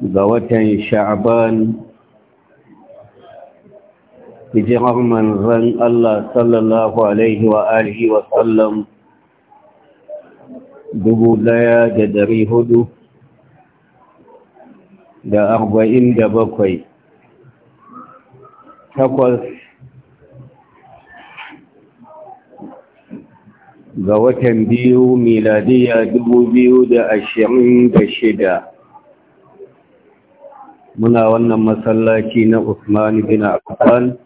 ga watan sha'aban hijirar manzan Allah sallallahu Alaihi wa alihi wa sallam dubu daya da dari hudu da arba'in da bakwai takwas ga watan biyu miladiya dubu biyu da ashirin da shida muna wannan masallaci na Usman bin Affan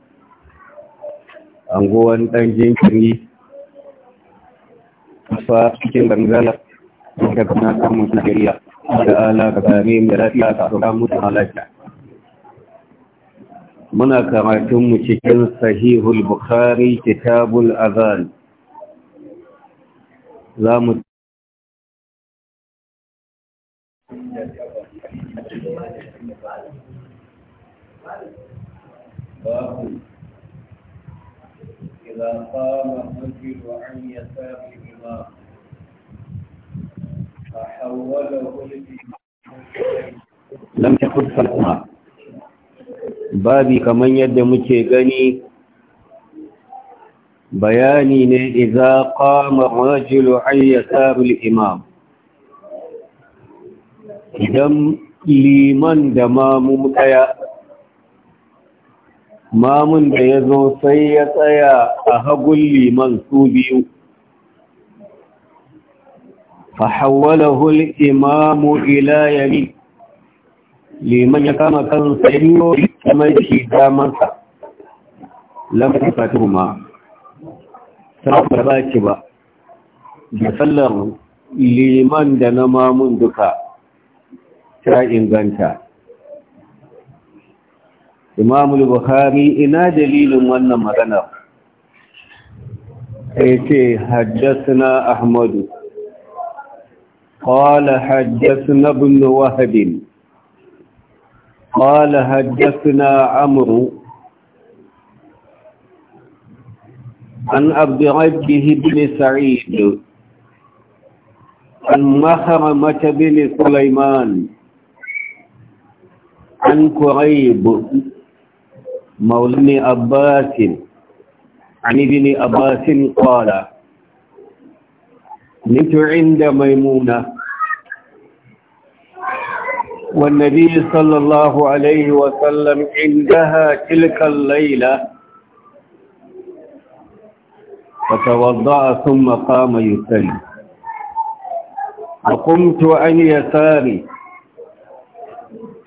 anguwan dan jinkiri fa cikin bangala da kana kan gariya da ala ka kare mu lafiya ka ka mu lafiya muna karatun mu cikin sahihul bukhari kitabul azan za mu باب إذا قام الرجل عن يساره ما فحوله لم يكن خلقها babi kamar yadda muke gani bayani ne iza qama rajulu ayyasarul imam idan liman da mamu daya mamun da ya zo sai ya tsaya a hagun liman su biyu fahawalahu imamu ila yami liman ya kama kan sayo kamar shi damarsa lafi fatuma ba ce ba sallar liman da na mamun duka ta inganta امام البخاري انا دليل من wannan ايتي حدثنا احمد قال حدثنا ابن وهب قال حدثنا عمرو عن عبد ربه بن سعيد عن مخرمة بن سليمان عن كريب مولى عباس عن ابن عباس قال كنت عند ميمونه والنبي صلى الله عليه وسلم عندها تلك الليلة فتوضأ ثم قام يسلم وقمت عن يساري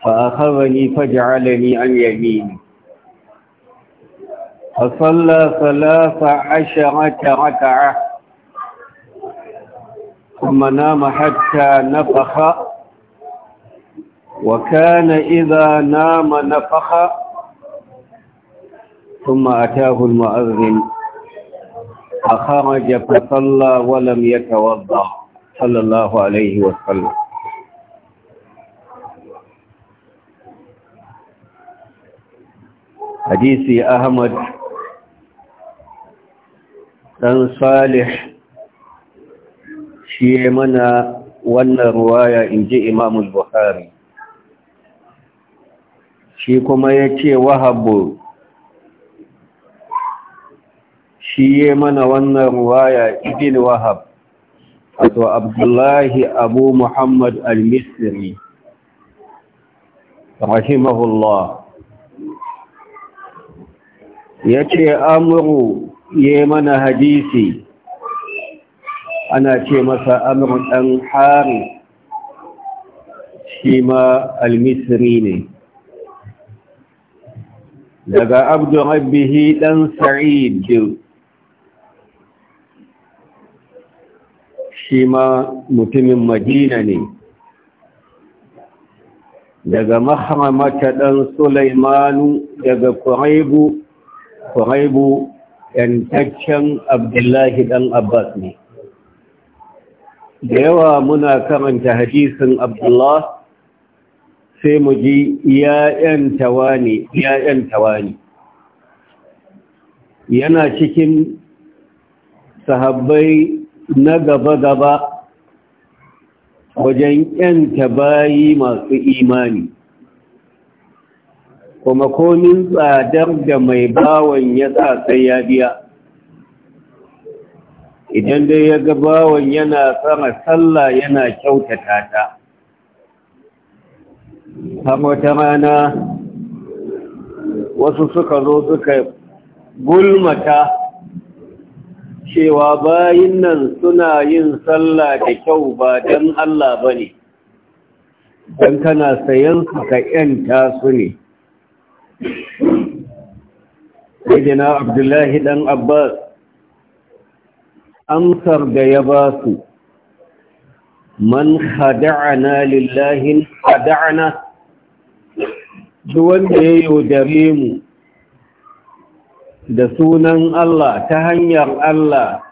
فأخذني فجعلني عن يميني فصلى ثلاث عشرة ركعة ثم نام حتى نفخ وكان إذا نام نفخ ثم أتاه المؤذن فخرج فصلى ولم يتوضأ صلى الله عليه وسلم حديثي أحمد ɗan salih shi mana wannan ruwaya in ji imamul buhari shi kuma ya ce wahabu shi mana wannan ruwaya ibn wahab wato abdullahi abu muhammad al-misri rahimahullah ya ce amuru ya mana hadisi ana ce masa amur ɗan hari shi ma almisri ne daga abdu rabbihi ɗan sa'id shi ma mutumin madina ne daga mahramata ɗan sulaimanu daga kuraibu kuraibu yantaccen abdullahi Ɗan abbas ne da yawa muna karanta hadisin abdullah sai mu ji ya'yan tawani ne. yana cikin sahabbai na gaba-gaba wajen ƴanta bayi masu imani kuma komin tsadar da mai bawan ya sa sai ya biya idan dai ya ga bawan yana tsara sallah yana kyautata ta har wata rana wasu suka zo suka gulmata cewa bayin nan suna yin sallah da kyau ba don Allah ba ne don kana sayan suka ‘yanta su ne’ sayyidina abdullahi ɗan abbas amsar da ya ba su man hada'ana lillahi khada'ana duk wanda ya yaudare mu da sunan Allah ta hanyar Allah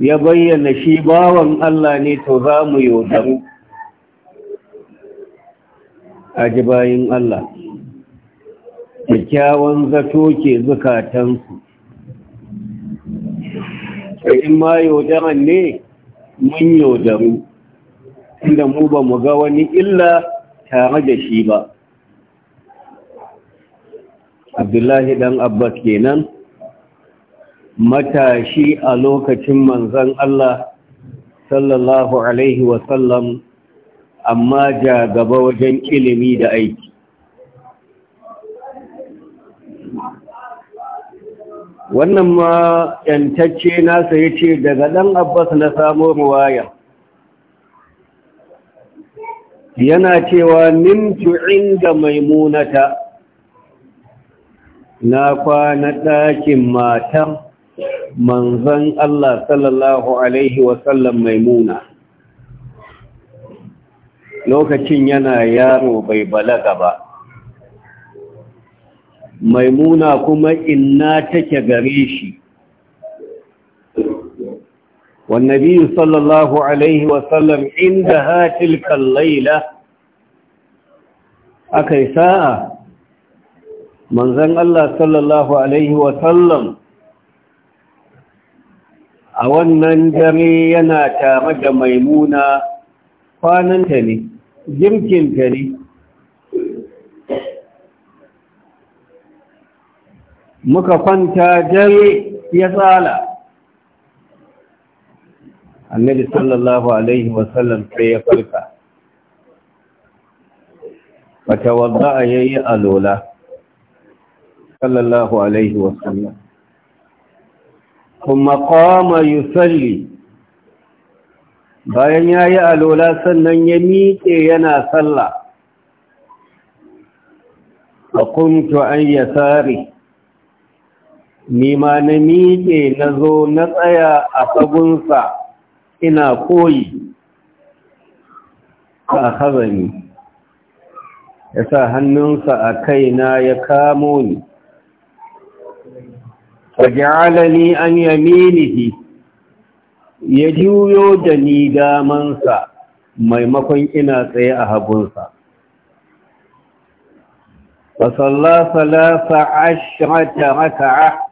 ya bayyana shi bawan Allah ne to za mu yaudaru a ji bayin Allah kyakkyawan zato ke zukatansu in ma yaudaran ne mun yaudaru inda mu ba mu ga wani illa tare da shi ba abdullahi dan abbas kenan matashi a lokacin manzan Allah sallallahu alaihi wasallam amma ja gaba wajen ilimi da aiki wannan ma yantacce nasa ya ce daga ɗan abbas na samo ruwaya yana cewa nimtu inda maimunata na kwana ɗakin matan manzan Allah sallallahu Alaihi wasallam maimuna lokacin yana yaro bai balaga ba maimuna kuma inna take gare shi wannabi sallallahu alaihi wasallam inda hatil kallaila aka yi sa’a manzan Allah sallallahu alaihi wasallam a wannan dare yana tare da maimuna kwananta ne jirkinta ne muka kwanta dare ya tsala annabi sallallahu alaihi wasallam sai ya farka wata wadda ya yi alola sallallahu alaihi wasallam kuma kama yusalli bayan ya yi alola sannan ya miƙe yana sallah a kuntu an yasari Ni ma na miƙe na zo na tsaya a sabunsa ina koyi haza ni ya sa hannunsa a kaina ya kamo ni fajalani an yaminihi ya juyo da ni damansa maimakon ina tsaye a hagunsa fasalla salasa ashirata raka'a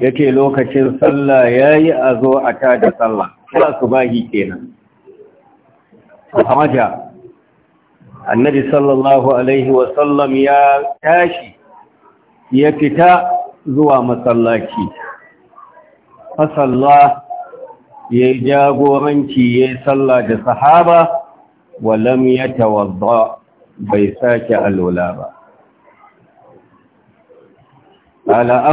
yake lokacin sallah yayi a zo a ta da sallah ba su bahi kenan hamaja annabi sallallahu alaihi wa sallam ya tashi ya fita zuwa masallaci fasalla ya jagoranci ya sallah da sahaba walam ya tawadda bai sake alwala ba ala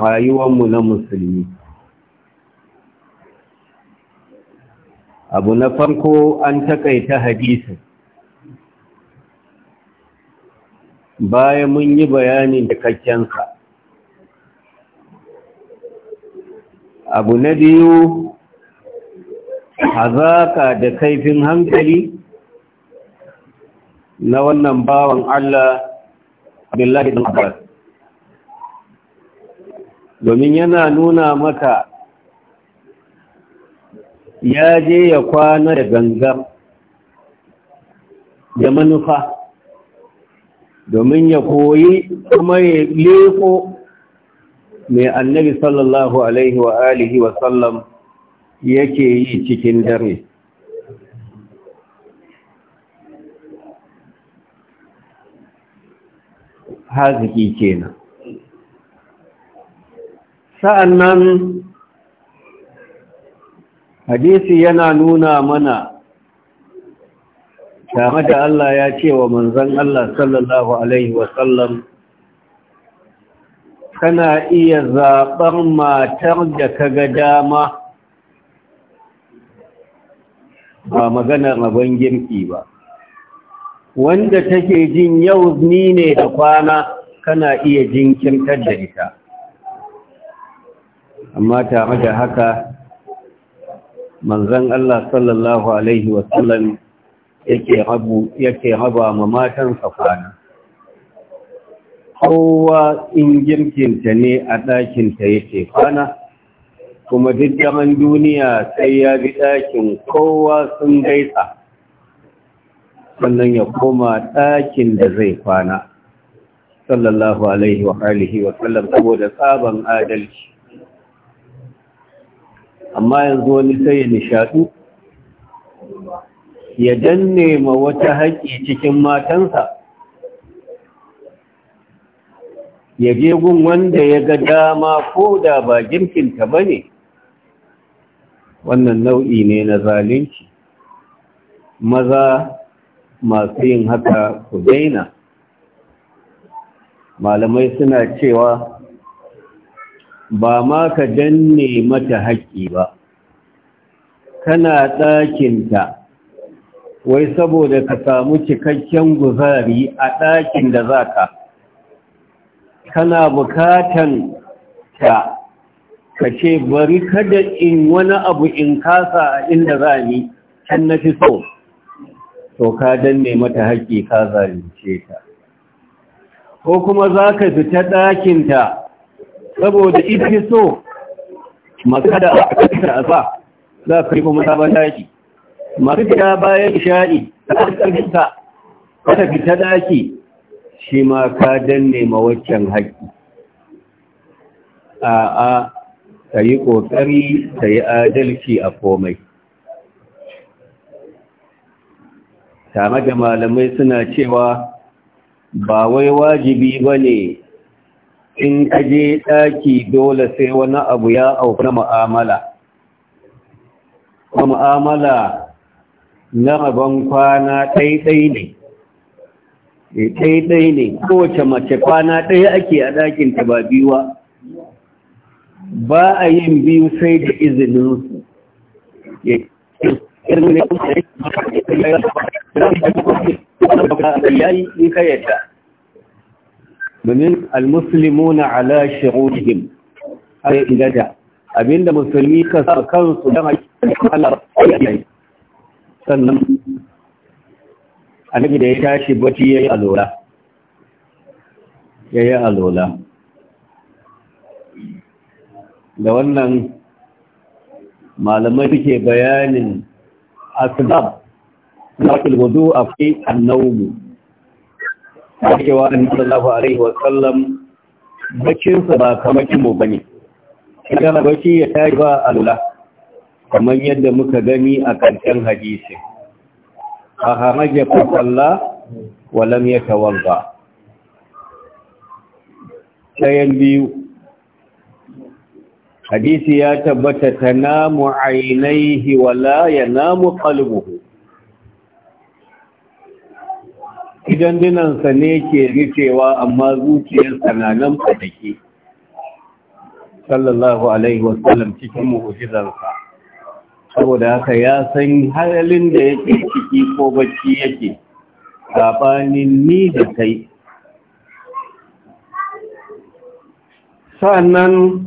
a mu na musulmi abu na farko an takaita hadisin bayan mun yi bayanin sa. abu na biyu hazaka da kaifin hankali na wannan bawan Allah Abdullahi bin Abbas domin yana nuna maka ya je ya kwana da gangar da manufa domin ya koyi kuma ya leko mai annabi sallallahu alaihi wa alihi wa sallam yake yi cikin dare haziki kenan sa'annan hadisi yana nuna mana tare da Allah ya ce wa manzan Allah sallallahu Alaihi wasallam kana iya zaɓar matar da ka ga dama ba maganar rabon girki ba wanda take jin yau ni ne da kwana kana iya jinkirtar da ita amma tare da haka manzan Allah sallallahu Alaihi wasallam yake raba ma matansa kwana kowa in girkinta ne a ɗakinta yake kwana kuma duk duniya sai ya bi ɗakin kowa sun gaisa sannan ya koma ɗakin da zai kwana sallallahu alaihi wa alihi saboda tsaban adalci amma yanzu wani sai ya nishaɗu ya danne ma wata haƙƙi cikin matansa ya je gun wanda ya ga dama ko da ba girkinta ba ne wannan nau'i ne na zalunci maza masu yin haka ku daina malamai suna cewa ba ma ka danne mata haƙƙi ba kana ɗakinta wai saboda ka samu cikakken guzari a ɗakin da za ka kana bukatan ta ka ce bari kada in wani abu in kasa a inda za ni can na fi so to ka danne mata haƙƙi ka zalunce ta ko kuma za ka fita ɗakinta saboda ita so masu kada a kasar asa za ka yi kuma ta daki masu fita bayan isha'i ta ƙarfinta ta fita daki shi ma ka danne ma waccan haƙƙi a'a ta yi ƙoƙari ta yi adalci a komai tare da malamai suna cewa ba wai wajibi ba ne in ka je ɗaki dole sai wani abu ya auku na mu'amala kuma mu'amala na rabon kwana ɗaiɗai ne ɗaiɗai ne kowace mace kwana ɗaya ake a ɗakinta ba biyuwa ba a yin biyu sai da izinin su ya yi ka yadda domin almuslimuna ala shurutihim yi igada abinda musulmi ka sa kansu dan Allah sannan annabi da ya tashi bacci yayi alola yayi alola da wannan malamai suke bayanin asbab na kulwudu fi annawmu a cewa annabi alaihi ba kamar bane yadda muka gani a karshen hadisi a hamaje fa salla wa lam yatawadda sayan biyu hadisi ya tabbata ta namu ainihi wala ya namu kalbuhu idan dinansa ne ke rufewa amma zuciyarsa na nan fatake sallallahu alaihi wasallam cikin mu'ujizarsa saboda haka ya san halin da yake ciki ko bacci yake sabanin ni da kai sa'annan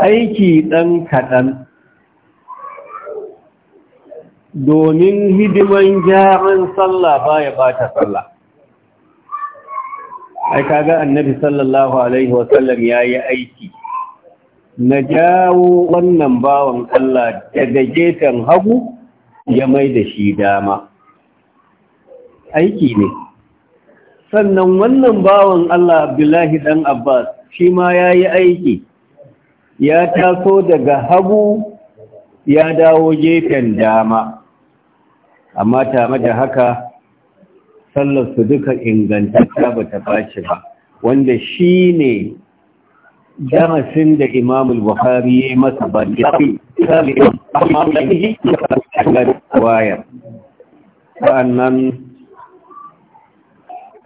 aiki ɗan kaɗan domin hidiman gyaran sallah baya bata sallah ai kaga annabi sallallahu alaihi wasallam yayi aiki na jawo wannan bawan Allah daga gefen hagu ya mai da shi dama aiki ne sannan wannan bawan Allah Abdullahi dan Abbas shi ma yayi aiki ya taso daga hagu ya dawo gefen dama amma ta maja haka sallar su duka ingantacciya ba ta bace ba wanda shi ne darasin da imamul buhari ya masa ba ya fi wayar sa'annan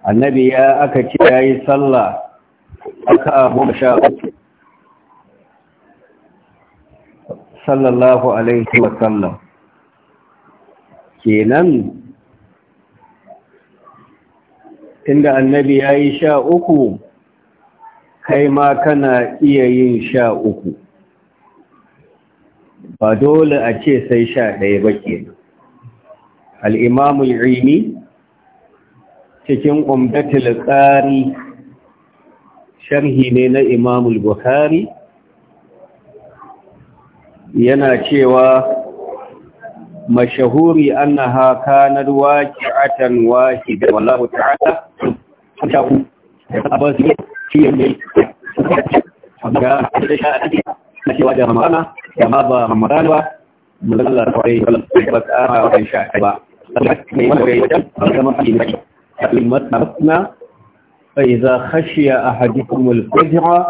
annabi ya aka ce ya yi sallah aka abu sha sallallahu alaihi wasallam kenan inda annabi ya yi sha uku kai ma kana iya yin sha uku ba dole a ce sai sha ɗaya ba ke al'imamul rini cikin umdatul tsari sharhi ne na imamul buhari yana cewa مشهور أنها كانت واجعة واحدة والله تعالى شافوا أبوزي في الليل فقال نشوى رمضان كما ضى رمضان ومن الله عليه وسلم وتآمى وإن شاء الله كلمتنا فإذا خشي أحدكم الفجر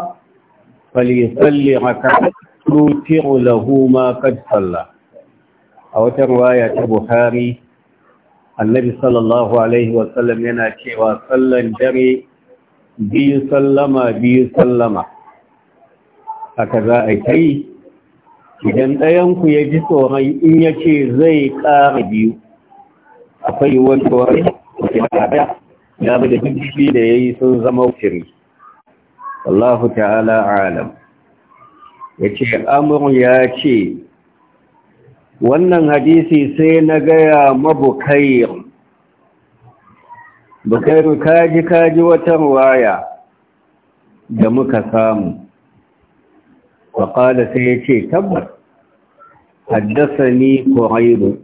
فليصلي ركعة توتر له ما قد صلى a wata ruwaya ta buhari annabi sallallahu alaihi wasallam yana cewa sallan dare biyu sallama biyu sallama haka za a kai idan ɗayanku ya ji tsoron in ya ce zai ƙara biyu akwai wani tsoron ya bi da hujji da ya yi sun zama shiri Allahu ta'ala alam ya ce amur ya ce wannan hadisi sai na gaya mabukair bukairu kaji kaji wata ruwaya da muka samu waƙala sai ya ce tabbas. haddasa ni ƙurairu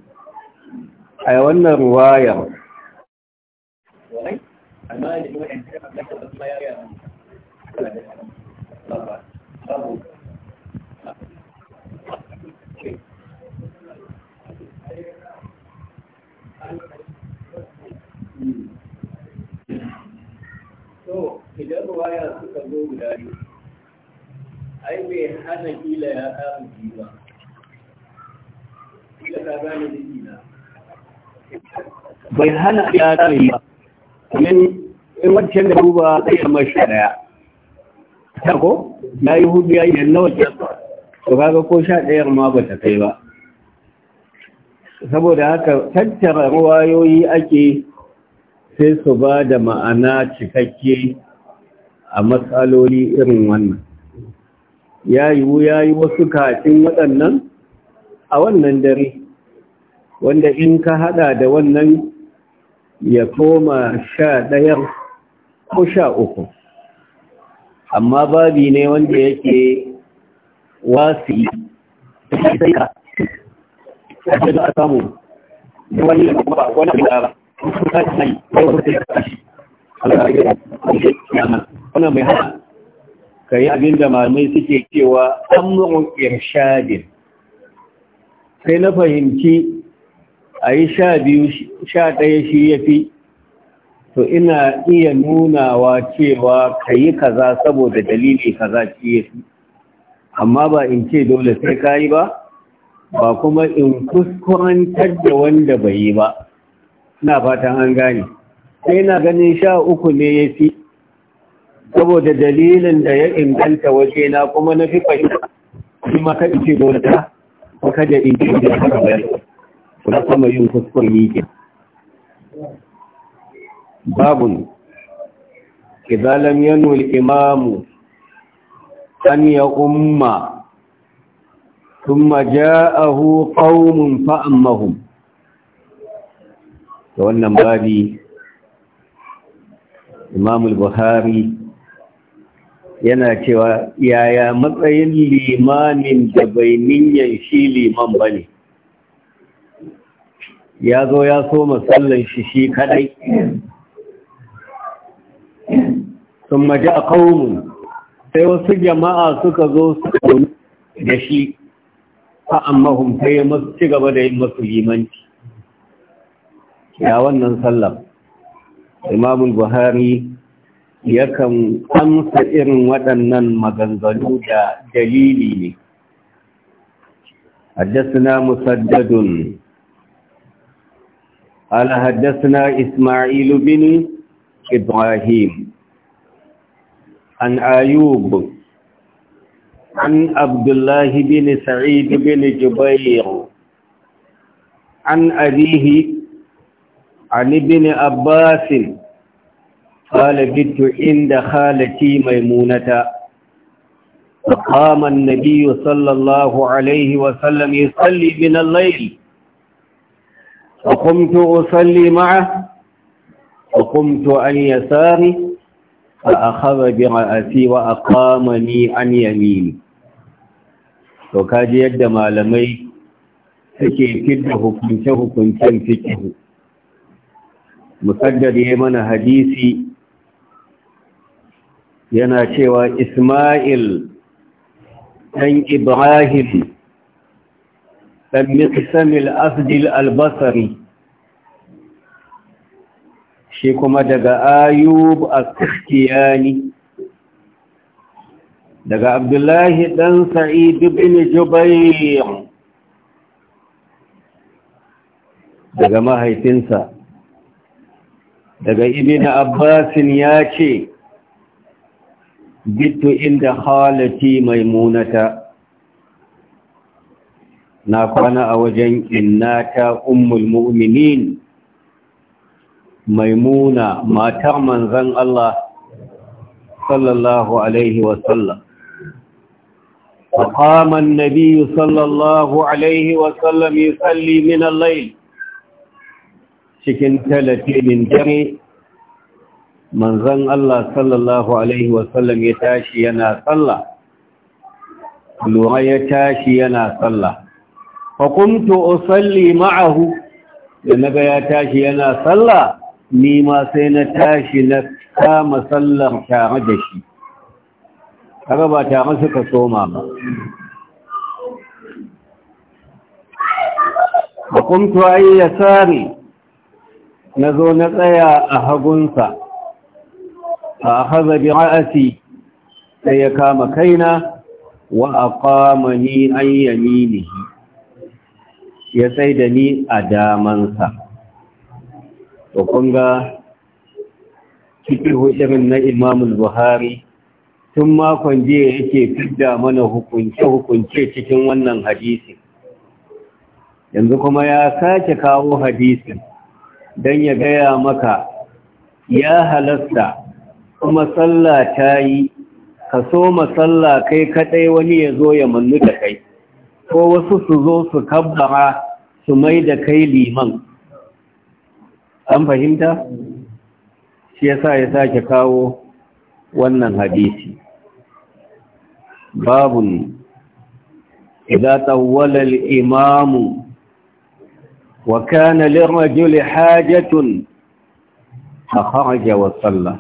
a wannan ruwayar Thank you. idan ruwaya suka zo guda biyu ai bai hana kila ya samu ji ba kila ka gane jiki na bai hana ya samu ji ba domin in wancan da duba zai zama mashi daya ta ko na yi hudu ya yi yan nawa ke to kaga ko sha ɗayar ma ba ta kai ba saboda haka tattara ruwayoyi ake sai su ba da ma'ana cikakke a matsaloli irin wannan ya yiwu ya yi wasu kafin waɗannan a wannan dare wanda in ka hada da wannan ya koma sha ɗayar ko sha uku amma babi ne wanda yake wasi sai Kuma sai ka samu wani ba wani ba ba ba ba ba ba ba ba ba ba wannan mai hana ka yi abin da malamai suke cewa amurin irshadin sai na fahimci a yi sha biyu sha ɗaya shi ya fi to ina iya nunawa cewa ka yi kaza saboda dalili kaza shi ya fi amma ba in ce dole sai ka yi ba ba kuma in kuskurantar da wanda bai yi ba na fatan an gane sai na ganin sha uku ne ya fi saboda dalilin da ya inganta waje na kuma na fi fahimta shi maka ice dole ko maka da inci da suka bayar na kuma yin kuskure yake babun idza lam yanu al-imamu an ya umma kuma ja'ahu qaumun fa ammahum to wannan babi imam al-bukhari yana cewa yaya matsayin limamin da bai niyan shi liman ba ne ya zo ya so matsallan shi shi kadai sun maji a kawunmu sai wasu jama'a suka zo su kone da shi a ammahun sai ya ci gaba da yin masu limanci ya wannan sallar imamun buhari yakan amsa irin waɗannan maganganu da dalili ne حدثنا مسدد قال حدثنا إسماعيل بن إبراهيم عن أيوب عن عبد الله بن سعيد بن جبير عن أبيه عن ابن عباس قال بت عند خالتي ميمونة فقام النبي صلى الله عليه وسلم يصلي من الليل فقمت أصلي معه فقمت عن يساري فأخذ برأسي وأقامني عن يميني وكاجي يد مالمي suke fidda hukunce-hukuncen fikihu musaddar ya mana hadisi yana cewa Ismail ɗan Ibrahim ɗan Miqsamil Afdil Albasari shi kuma daga Ayub Al-Kirkiyani daga Abdullahi ɗan Sa'id ibn Jubair daga mahaifinsa daga ibn Abbasin ya ce bitto inda halati maimunata na kwana a wajen inna ta mu'minin maimuna matar manzan Allah sallallahu alaihi wasallam فقام النبي صلى الله عليه وسلم يصلي من الليل شكن ثلاثين من جميع manzon Allah sallallahu alaihi wasallam ya tashi yana sallah lura ya tashi yana sallah fa usalli ma'ahu da naga ya tashi yana sallah ni ma sai na tashi na kama sallar tare da shi kaga ba tare suka soma ba ayi ya ay na nazo na tsaya a hagunsa fa akhadha bi ra'si sai ya kama kaina wa aqamani ni yaminihi ya sai da ni a damansa to kun cikin hudurin na imamul buhari tun makon jiya yake fidda mana hukunce-hukunce cikin wannan hadisi yanzu kuma ya sake kawo hadisin don ya gaya maka ya halasta kuma sallah ta yi ka so masalla kai kadai wani ya zo ya mannu da kai ko wasu su zo su kabbara su mai da kai liman an fahimta shi yasa ya sake kawo wannan hadisi Babu babun إذا طول الإمام وكان للرجل a فخرج وصلى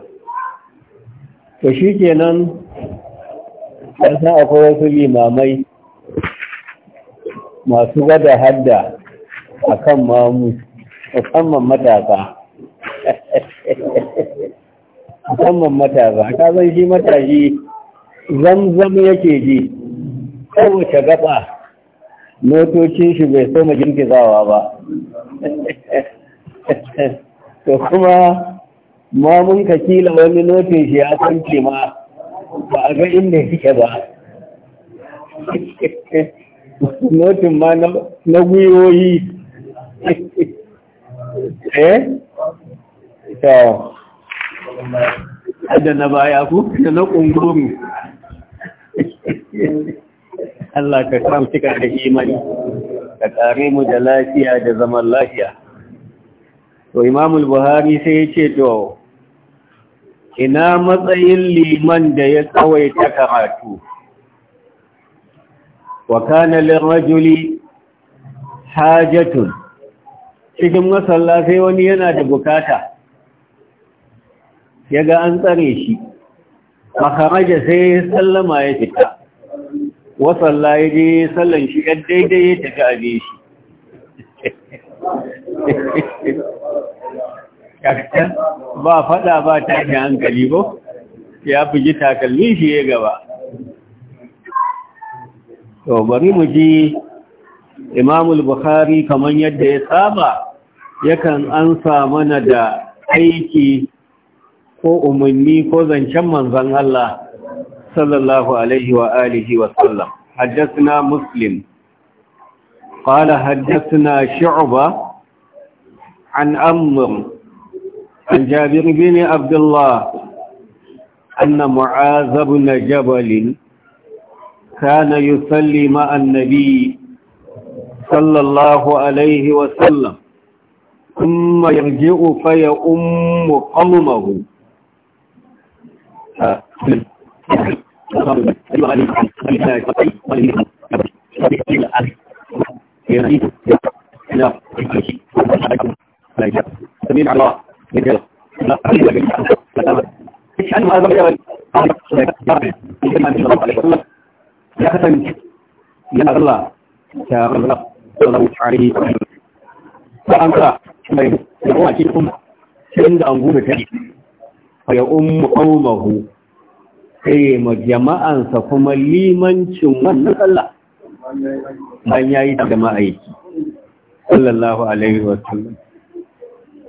to shi kenan ƙasa akwai wasu limamai masu gada hadda a kan mamu musamman matasa musamman matasa ta zan shi matashi zamzam yake ji kowace gaba motocin shi bai so zawa ba to kuma ma mun ka kila wani notin shi ya kwanke ma ba a ga inda yake ba notin ma na gwiwoyi eh to na baya ku da na kungurumi Allah ka kram cika da imani ka kare mu da lafiya da zaman lafiya to imamul buhari sai ya ce to ina matsayin liman da ya ta karatu wa kana lirajuli hajatun cikin sai wani yana da bukata ga an tsare shi makaraja sai sallama ya fita wasalla ya je sallan shi daidai ya tafi abe shi ba faɗa ba ta da hankali ba ya fi takalmi shi ya gaba to bari mu ji imamul bukhari kamar yadda ya saba yakan ansa mana da aiki ko umarni ko zancen manzon Allah sallallahu alaihi wa alihi wa sallam حدثنا مسلم قال حدثنا شعبة عن أمر عن جابر بن عبد الله أن معاذ بن جبل كان يصلي مع النبي صلى الله عليه وسلم ثم يرجع فيؤم قومه سمين الله ya kasance yana zalla ta ba da kuma da ta ya jama'ansa kuma limancin wannan Allah bayan yayi da jama'a sallallahu alaihi wa sallam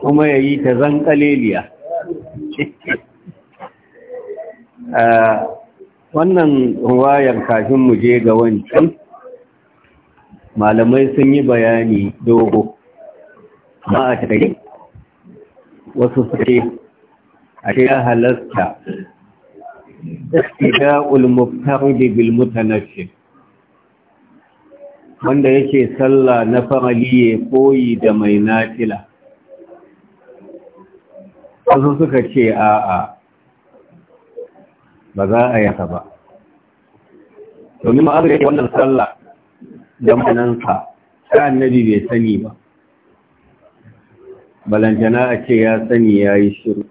kuma ya yi ta zan ƙaleliya wannan ruwayar kafin mu je ga wancan malamai sun yi bayani dogo ba a cikin wasu suke a ya halasta da muftardi na mutanashshib wanda yake sallah na farali ya koyi da mai nafila wasu suka ce a'a ba za a yaka ba domin ma'azin ke wannan sallah da manansa ta annabi bai sani ba balantana a ce ya sani ya yi shiru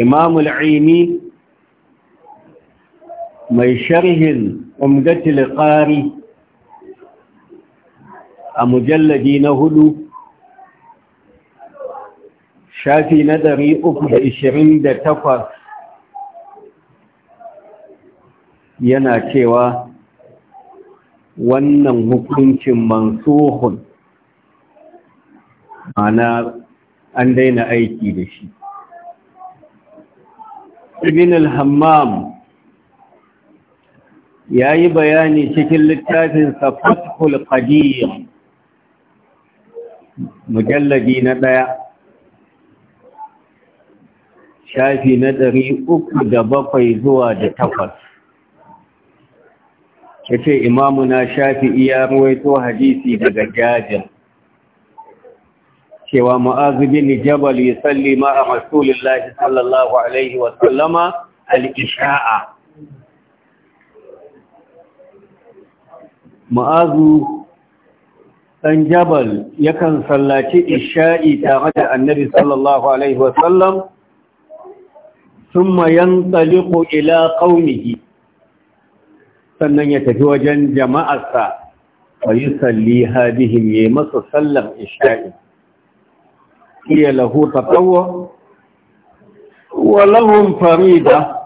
imamul aini mai sharhin umgatil ƙari a mujalladi na hudu shafi na ɗari uku da ishirin da takwas yana cewa wannan hukuncin mansuhun ana an daina aiki da shi ibn al-hammam ya yi bayani cikin littafin fathul qadir mujalladi na ɗaya shafi na ɗari uku da bakwai zuwa da takwas ya ce Imamu na shafi iya ruwaito hadisi daga jajin cewa ma'azu bin jabal ya salli ma'a lafi sallallahu alaihi wasallama al'isha'a ma'azu ɗan jabal yakan sallaci isha'i tare da annabi sallallahu alaihi wasallam ثم ينطلق إلى قومه sannan ya tafi wajen jama'arsa wa yi salli hadihim ya yi masa sallar isha'i iya lahu ta kawo wa lahun farida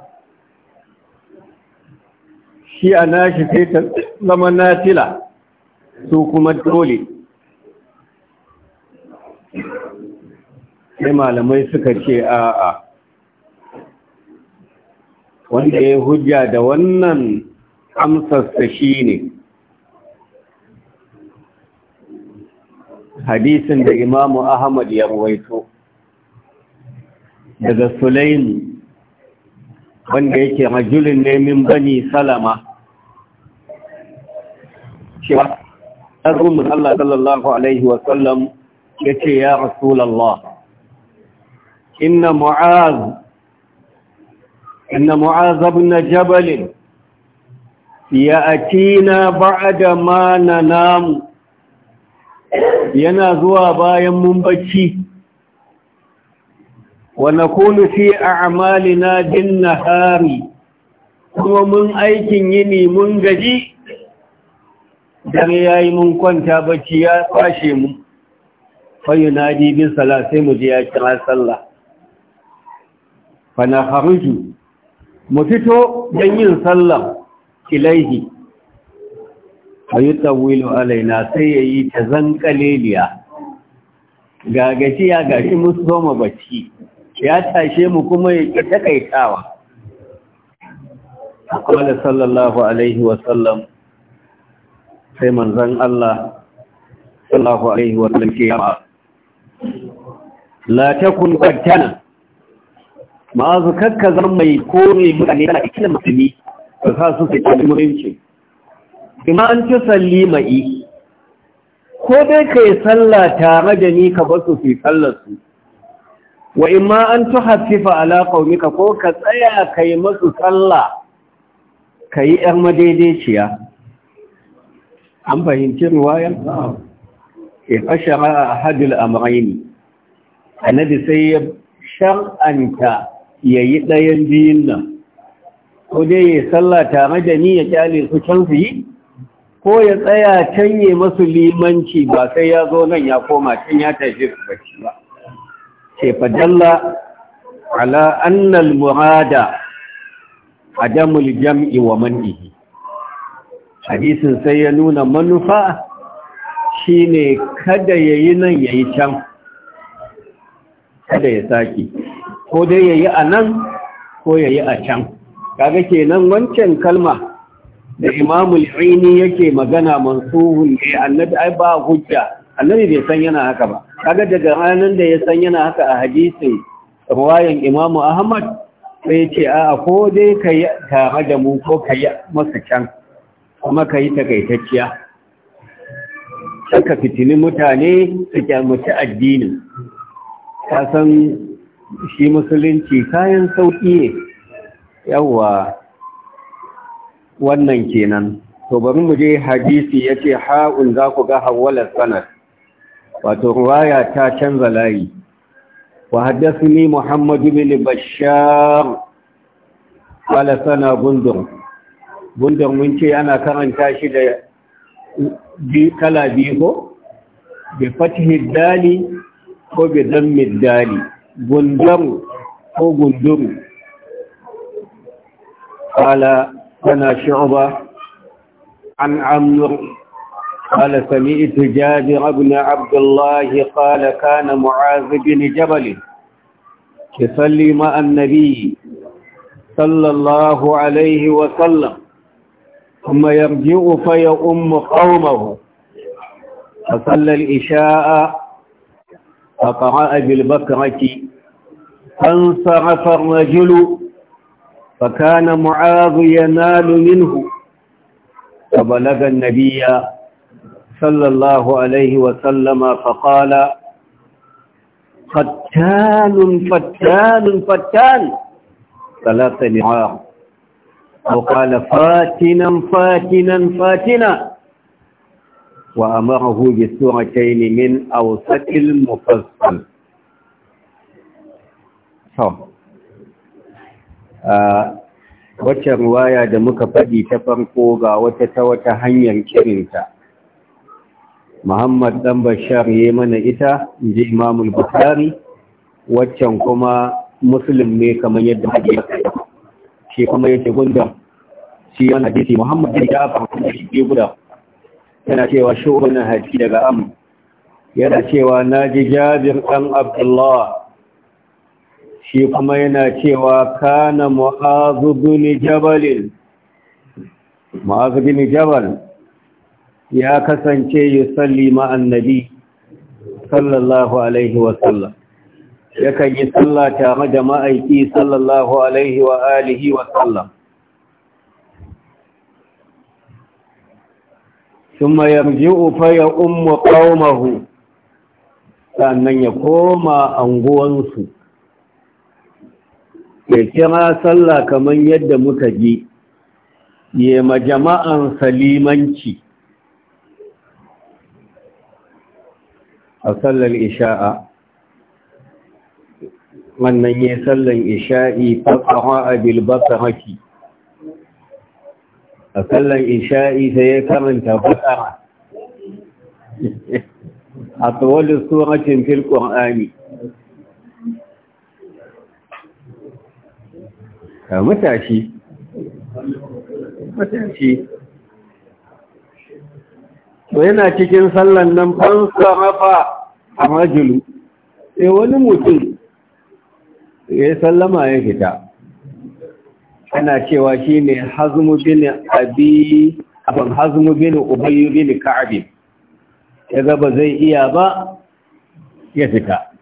shi a nashi sai ta zama natila su kuma dole sai malamai suka ce a'a wanda ya hujja da wannan amsarsa shi ne hadisin da imamu ahmad ya ruwaito daga sulaimu wanda yake majulin nemin bani salama cewa azumin Allah sallallahu alaihi wasallam ya ce ya rasulallah inna mu'az أن معاذ بن جبل يأتينا بعد ما ننام ينازوا بايا منبكي ونكون في أعمالنا بالنهار ومن أيكن يني منجدي dare ya yi mun kwanta bacci ya kwashe mu fayunadi bin sala sai mu je mu fito don yin sallah ilaihi a yi alaina sai ya yi ta zankaleliya ga gashi ya gashi musu zoma bacci ya tashe mu kuma ya ƙi takaitawa akwai sallallahu alaihi wasallam sai manzan Allah sallallahu alaihi wasallam ke yaba la takun qattana su kakka zan mai kore mutane da ikilin musulmi da sa su sai kwanin mutunci Ima an ci salli ma'i ko dai ka yi sallah tare da ni ka basu su yi sallar su wa imma an tu hafifa ala ko ka tsaya ka yi masu sallah ka yi yar madaidaiciya an fahimci riwayar ya fashara a A amraini annabi sai ya shar'anta ya yi ɗayan biyun nan ko dai ya tsalla tare da ni ya ƙyale su can su yi ko ya tsaya can ya masu limanci ba sai ya zo nan ya koma can ya tafi su ba ce fadalla ala annal murada damul jam'i wa man'ihi hadisin sai ya nuna manufa Shi ne kada ya yi nan ya yi can kada ya sake ko dai ya yi a nan ko ya yi a can kaga nan wancan kalma da imamul aini yake magana mansuhun ne annabi ai ba hujja annabi bai san yana haka ba kaga daga ranar da ya san yana haka a hadisi ruwayan imamu ahmad sai ce a ko dai ka yi tare da mu ko ka yi masu can kuma ka yi takaitacciya saka fitini mutane su kyamuci addinin ka san shi musulunci kayan sauƙi ne yawwa wannan kenan to bari mu je hadisi yace ha'un za ku ga hawala sanad wato ruwaya ta canza layi wa haddathani muhammad ibn bashar qala sana gundur gundur mun ce ana karanta shi da bi kala biyu ko bi fathi dali ko bi dammi dali بندر أو بندر قال أنا شعبة عن عمرو قال سمعت جابر بن عبد الله قال كان معاذ بن جبل يصلي مع النبي صلى الله عليه وسلم ثم يرجع فيؤم قومه فصلى الإشاء فقرأ بالبكرة فانصرف الرجل فكان معاذ ينال منه فبلغ النبي صلى الله عليه وسلم فقال فتان فتان فتان ثلاث نعار أو قال فاتنا فاتنا فاتنا وأمره بسورتين من أوسط المفصل wacce ruwaya da muka faɗi ta farko ga wata ta wata hanyar kirinta Muhammad dan Bashar yayi mana ita inji Imam al-Bukhari waccan kuma Muslim ne kamar yadda ake shi kuma yake gunda shi yana hadisi Muhammad bin Ja'far shi guda yana cewa shu'ur na haji daga am yana cewa na ji jabir dan abdullah shi kuma yana cewa kana mu'azu jabalin jabal jabal ya kasance yusalli salli nabi sallallahu alaihi wa sallam yakan yi sallah tare da ma'aiki sallallahu alaihi wa alihi wa sallam ثم يرجع فيؤم قومه sannan ya koma anguwansu ya kira sallah kamar yadda muka ji ya ma jama'an salimanci a sallar isha'a wannan ya sallar isha'i fasaha a bilbasa haki a kallon isha'i sai ya karanta fasara a tsawalin suratin fil qur'ani ka matashi matashi to yana cikin sallan nan fansa mafa a majulu sai eh, wani mutum ya sallama ya fita ana cewa shi ne hazmu bin abi abin hazmu bin bin ka'abi ya gaba zai iya ba ya fita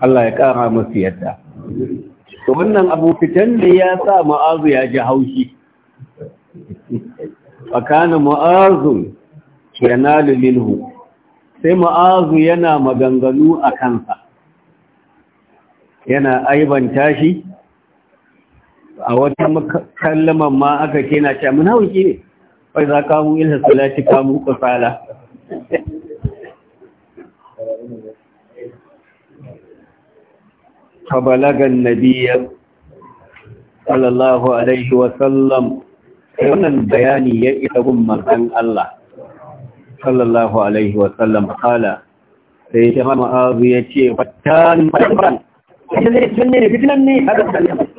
Allah ya kara musu yadda to wannan abu fitan da ya sa ma'azu ya ji haushi fakana ma'azu yanalu minhu sai ma'azu yana maganganu a kansa yana aibanta shi a wata kallaman ma aka ce na cewa munawiki ne wai za ka mu ilha salati ka mu kusala فبلغ النبي صلى الله عليه وسلم wannan bayani ya isa gun manzon Allah sallallahu alaihi wa sallam kala sai ya ce ma'azu ya ce fatan fatan ne fitinan ne hada sallallahu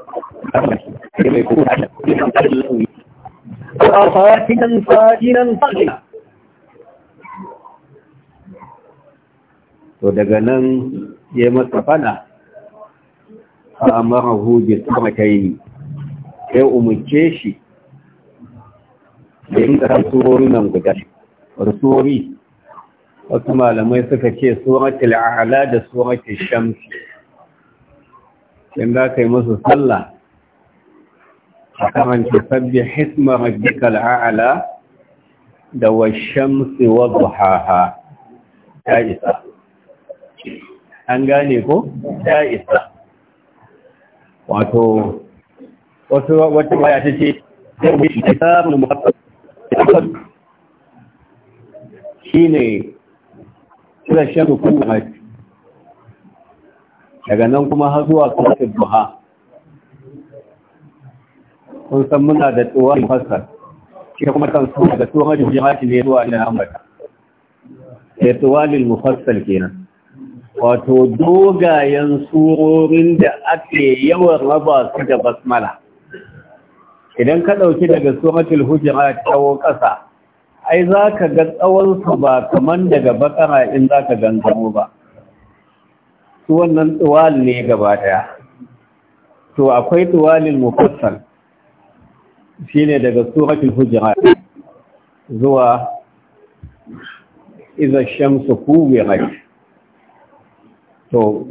mai kuma da to daga nan ya masa fada a amarahu ta samakaini sai umarce shi da yin rasuwori nan guda rasuwori wasu malamai suka ce suratul a'la da suratul shamsi in za ka yi masu sallah a karanta sabbi hisma rabbikal a'ala da washamsi wa duhaha isa an gane ko ya isa wato wasu wata waya ce shi ne shan rukun daga nan kuma har zuwa kuma buha. kun san muna da tsohon fasa shi kuma kan su da tsohon jihati ne zuwa da ambata da eh, tsohon mufassar kenan wato dogayen surorin da ake yawan raba su da basmala idan ka ɗauki daga suratul hujurat tsawo ƙasa ai za ka ga tsawonsu ba kaman daga bakara in za ka gangamo ba su wannan tsuwal ne gaba daya to akwai tsuwalin mufassal shine daga suratul hujurat zuwa idza shamsu kuwirat to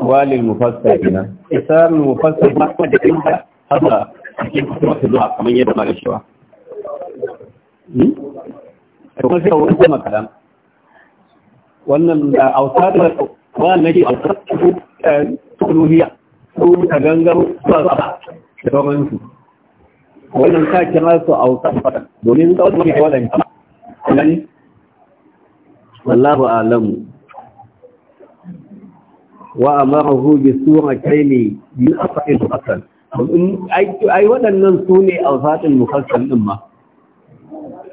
walil mufassirina isarul mufassir ma da kinta haka cikin suratul zuwa kamar yadda mala cewa to hmm? kuma sai wani kuma kalam wannan da autar wannan nake autar tukuluhiya eh, ko ta gangaro ba ba da sauransu wannan ka kira su a wasafar domin ka wasu mafi waɗanda gani wallahu alamu wa amarahu bi suratayn min asfa'il mufassal ai waɗannan su ne awsatul mufassal din ma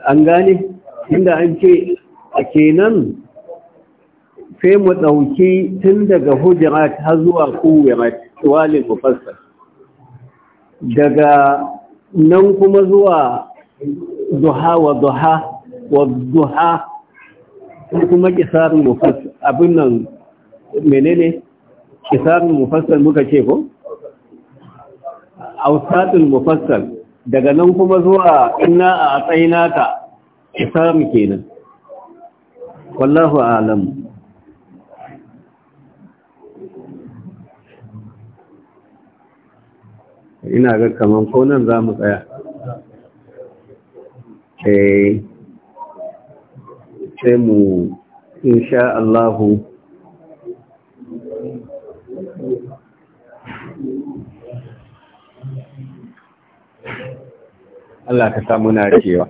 an gane inda an ce a kenan sai mu ɗauki tun daga hujurat har zuwa kuwirat tuwalin mufassal daga nan kuma zuwa duha wa duha wa duha kuma kisar mufassal abin nan menene kisarin mufassal muka ce ko ausatul mufassal daga nan kuma zuwa inna a tsayinaka kisarin kenan wallahu a'lamu ina ga kaman ko nan za mu tsaya eh sai mu insha Allahu Allah ka samu na cewa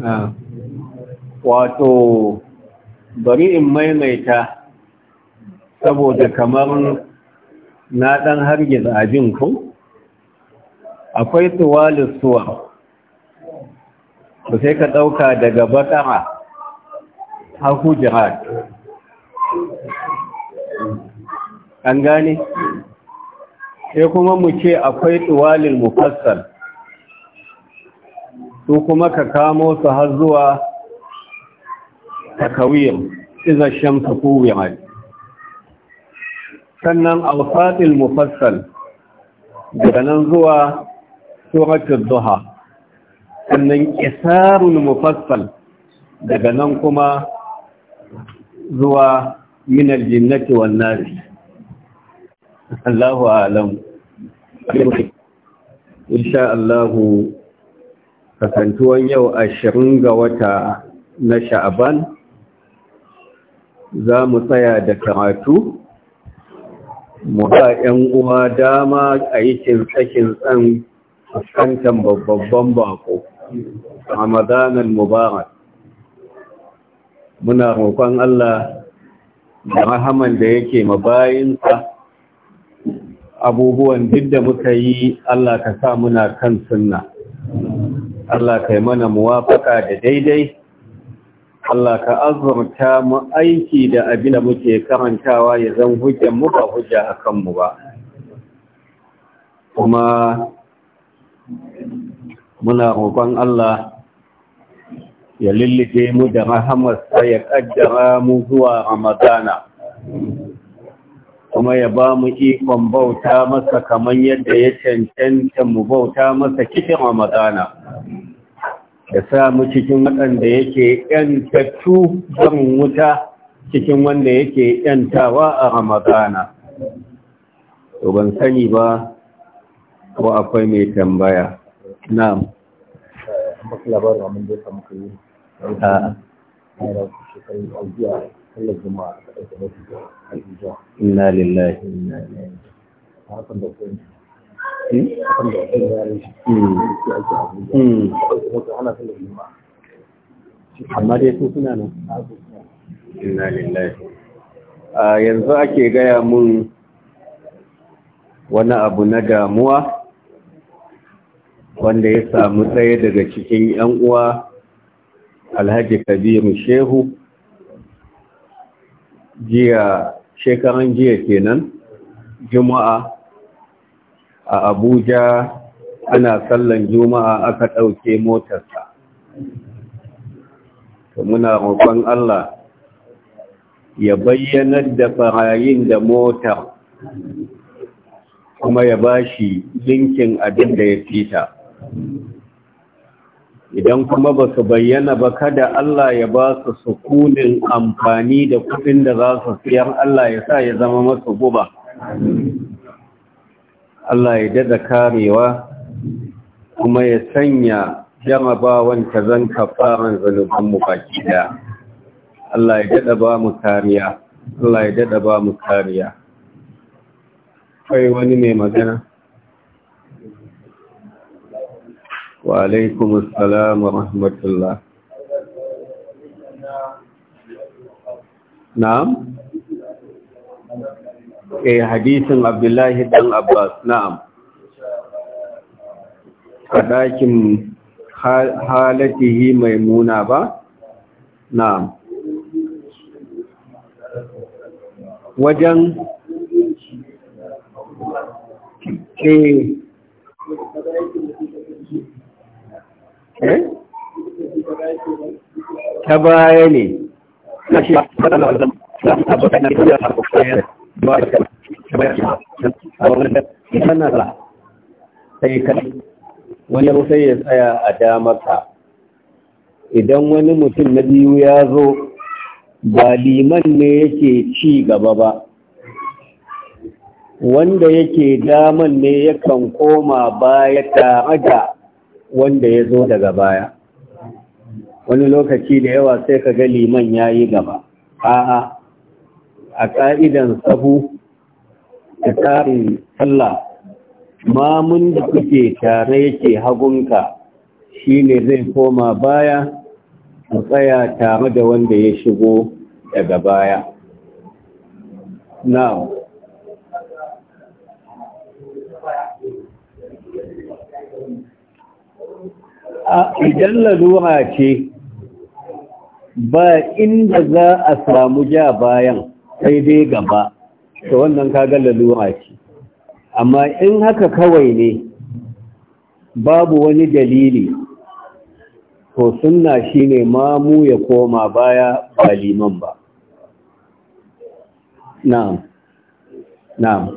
ah, wato bari in maimaita saboda kamar na ɗan hargiza abin ku akwai tuwalis suwa ba sai ka ɗauka daga baƙara har hujjara an gane sai kuma mu ce akwai mu fassar, su kuma ka kamo su har zuwa takawiyar izashen su kuwiyar sannan alfatil mufassal daga nan zuwa suratul duha sannan isarul mufassal daga nan kuma zuwa min aljinnati wan nasi Allahu a'lam insha kasantuwan yau ashirin ga wata na sha'aban za mu tsaya da karatu mu ba 'yan uwa dama a yi kintsa-kintsan fuskantar babban bako ramadanan mubarak muna roƙon Allah da rahaman da yake mabayinsa abubuwan duk da muka yi Allah ka sa muna kan sunna Allah ka yi mana muwafaka da daidai Allah ka azurta mu aiki da abin da muke karantawa ya zan hujjar mu ba hujja a kanmu ba kuma muna roƙon Allah ya lullube mu da rahamarsa ya ƙaddara mu zuwa ramadana kuma ya ba mu ikon bauta masa kamar yadda ya cancanta mu bauta masa kifin ramadana da mu cikin waɗanda yake ‘yantattu zan wuta cikin wanda yake ‘yantawa a Ramadana. To ban sani ba ko akwai mai tambaya. Na'am. Inna lillahi. Inna lillahi. a yanzu ake gaya mun wani abu na damuwa wanda ya samu tsaye daga cikin 'yan uwa alhaji kabiru shehu jiya shekaran jiya kenan juma'a a abuja ana sallan juma'a aka ɗauke motarsa muna roƙon allah ya bayyana da farayin da motar kuma ya ba shi linkin abin da ya fita idan kuma ba su bayyana ba kada allah ya ba su sukunin amfani da kuɗin da za su siyar allah ya sa ya zama masu guba Allah ya dada karewa kuma ya sanya ba ta zan kafaran zanubanmu baki da. Allah ya dada ba mu kariya Allah ya dada ba mu kariya kai wani mai magana wa alaikum assalam wa rahmatullah Na'am. eh hadisin abdullahi dan abbas na'am a halatihi mai muna ba na'am wajen eh, eh? ta baya ne wani sai ya tsaya a damarka idan wani mutum na biyu ya zo ba liman ne yake ci gaba ba wanda yake daman ne yakan koma baya tare da wanda ya zo daga baya wani lokaci da yawa sai ka ga liman ya yi gaba a'a a ƙa'idan sahu da tsarin sallah mamun da kuke tare yake hagunka shine zai koma baya a tsaya tare da wanda ya shigo daga baya now a idan lalura ce ba inda za a samu ja bayan sai dai gaba to wannan kaga lalura ce amma in haka kawai ne babu wani dalili to sunna shine mamu ya koma baya ba liman ba na'am na'am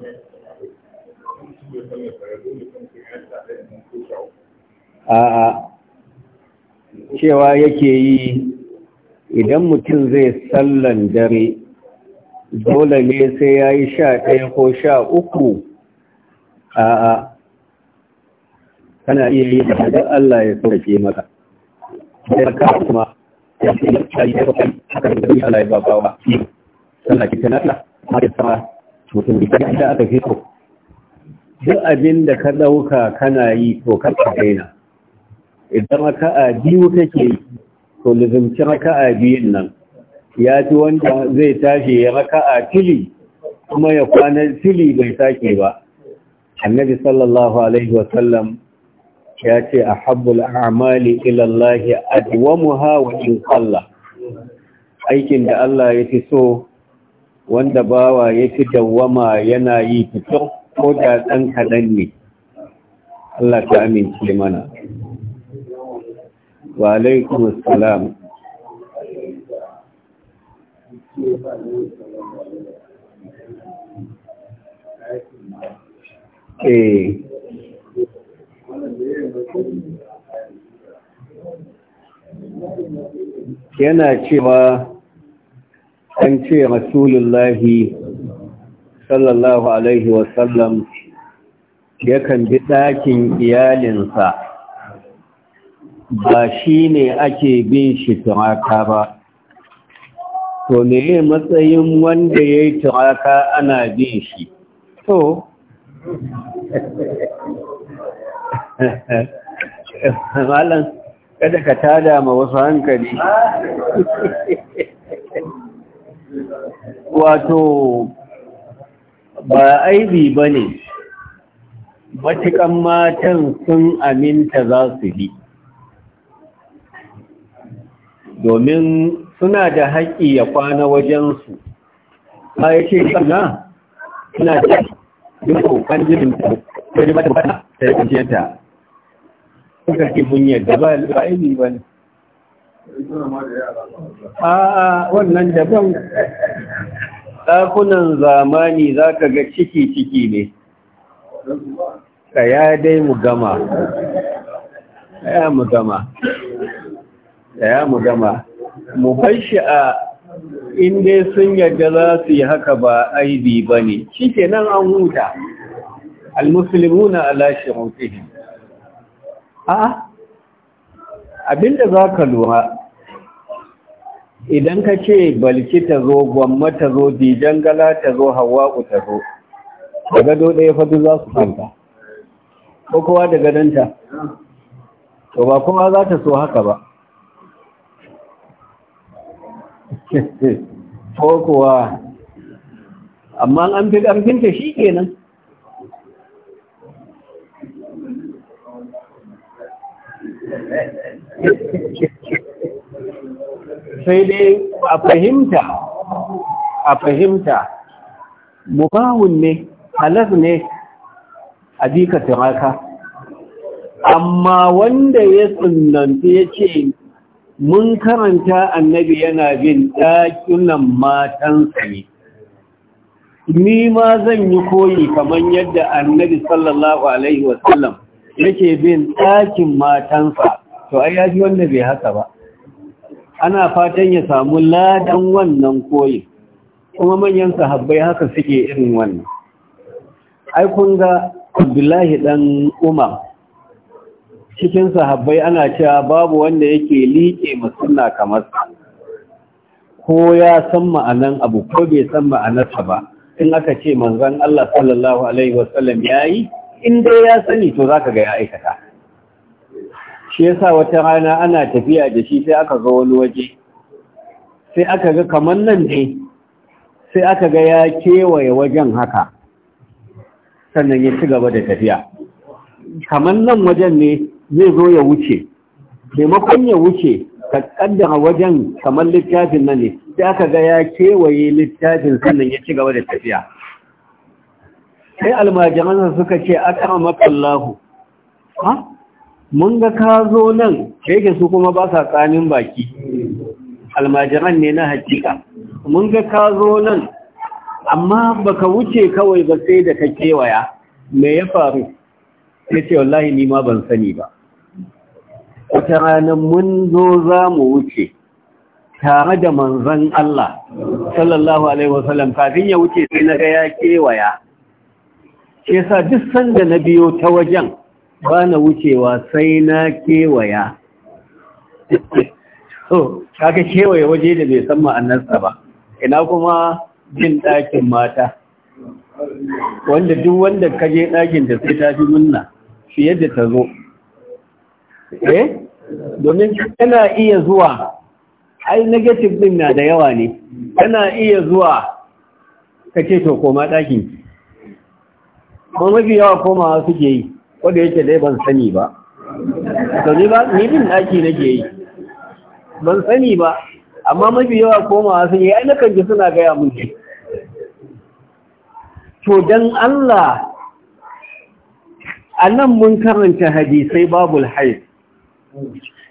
a'a cewa yake yi idan mutum zai sallan dare dole ne sai ya yi sha ɗaya ko sha uku a kana iya yi da ga Allah ya sauke maka sai ka kuma ya ce ya yi da haka da ya ya ba ba sana ki tana da ma da sama mutum da ya aka fito duk abin da ka ɗauka kana yi to ka daina idan raka'a biyu kake to lizumci raka'a biyun nan ya ci wanda zai tashi ya raka a tili kuma ya kwana tili bai sake ba annabi sallallahu alaihi wasallam ya ce a habbul a'amali ilallahi adwamuha wa in qalla aikin da Allah ya fi so wanda bawa ya fi dawwama yana yi fitur ko da ɗan kaɗan ne Allah ta amince mana wa alaikumus salam Eh. yana cewa an ce rasulullahi sallallahu alaihi wasallam yakan bi ɗakin iyalinsa ba shi ne ake bin shi turaka ba to meye matsayin wanda ya yi turaka ana bin shi to malam kada ka tada ma wasu hankali wato ba aibi ba ne matuƙan matan sun aminta za su yi domin suna da haƙƙi ya kwana wajensu a ya ce suna suna da yanko kan jirin ta ji mata bata ta yi kunciyarta suka ke bunyar da ba ra'ayi ba ne a wannan daban ɗakunan zamani za ka ga ciki-ciki ne ya dai mu gama ya mu gama ya mu gama mu bashi a inda sun yadda za su yi haka ba aibi ba ne shi nan an huta al-musulmi na alashi rutihim a abinda za ka lura idan ka ce balki ta zo gwamma ta zo dijangala ta zo hawa'u ta zo da gado ɗaya fadu za su kwanta ko kowa da gadonta to ba kuma za ta so haka ba ko kuwa amma an fi ƙarfinta shi kenan sai dai a fahimta a fahimta mubawun ne halar ne a jika turaka amma wanda ya tsunanta ya ce mun karanta annabi yana bin ɗakunan matansa ne ni ma zan yi koyi kamar yadda annabi sallallahu alaihi wasallam yake bin ɗakin matansa to ai ya ji wanda bai haka ba ana fatan ya samu ladan wannan koyi kuma manyan sahabbai haka suke irin wannan ai kun ga abdullahi dan umar cikin sahabbai ana cewa babu wanda yake liƙe musunna kamar sa ko ya san ma'anan abu ko bai san ma'anarsa ba in aka ce manzon Allah sallallahu alaihi wasallam yayi in dai ya sani to zaka ga ya aikata shi yasa wata rana ana tafiya da shi sai aka ga wani waje sai aka ga kamar nan ne sai aka ga ya kewaye wajen haka sannan ya ci gaba da tafiya kamar nan wajen ne zai zo ya wuce taimakon ya wuce ka kaddara wajen kamar littafin nan ne sai aka ga ya kewaye littafin sannan ya ci gaba da tafiya sai almajiransa suka ce akramaka lahu ha mun ga ka zo nan yake su kuma ba sa tsanin baki almajiran ne na hakika mun ga ka zo nan amma baka wuce kawai ba sai da ka kewaya me ya faru sai ce wallahi nima ban sani ba wata rana mun zo za mu wuce tare da manzan Allah sallallahu alaihi wasallam kafin ya wuce sai na gaya kewaya ke sa duk sanda na biyo ta wajen ba na wucewa sai na kewaya so kaka kewaye waje da bai san ma'anarsa ba ina kuma jin ɗakin mata wanda duk wanda ka je ɗakin da sai ta fi munna fiye da ta zo eh domin tana iya zuwa ai negative din na da yawa ne tana iya zuwa kace to koma ɗakin ko mafi yawa komawa suke yi wanda yake dai ban sani ba to ni ba ni din ɗaki nake yi ban sani ba amma mafi yawa komawa suke yi ai na ji suna gaya mun to dan Allah a nan mun karanta hadisai babul haif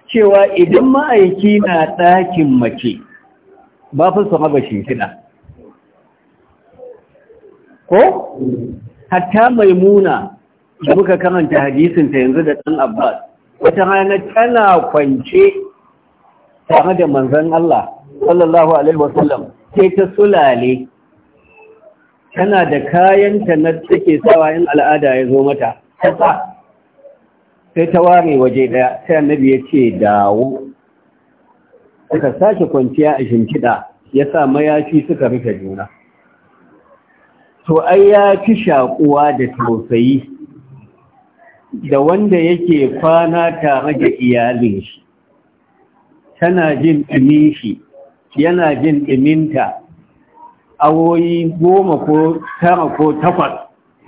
cewa idan ma'aiki na ɗakin mace ba fi su haɓa shimfiɗa ko? hatta maimuna da muka karanta hadisinta yanzu da ɗan abbas wata rana tana kwance tare da manzan Allah sallallahu alaihi wasallam sai ta sulale tana da kayanta na take sawa yin al'ada ya zo mata ta sai ta ware waje daya sai annabi ya ce dawo suka sake kwanciya a shimfiɗa ya sa mayafi suka rufe juna to ai ya fi shakuwa da tausayi da wanda yake kwana tare da iyalin shi tana jin ɗumin shi yana jin ɗuminta awoyi goma ko tara ko takwas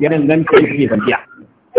ya danganta shi kwanciya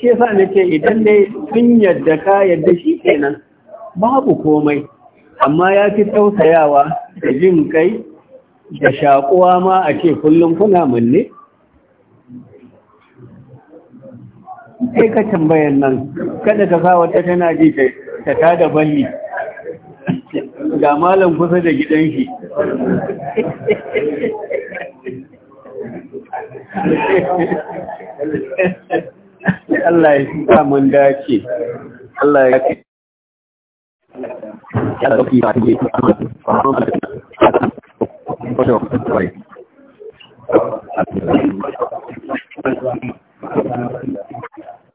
shi yasa ce idan dai sun yadda ka yadda shi kenan babu komai amma ya fi tausayawa da jin kai da shakuwa ma a ce kullum kuna manne sai ka tambayan nan kada ka sa wata tana ji ta ta da balli ga malam kusa da gidan shi Allah ya fi samun dace Allah ya fi Thank you.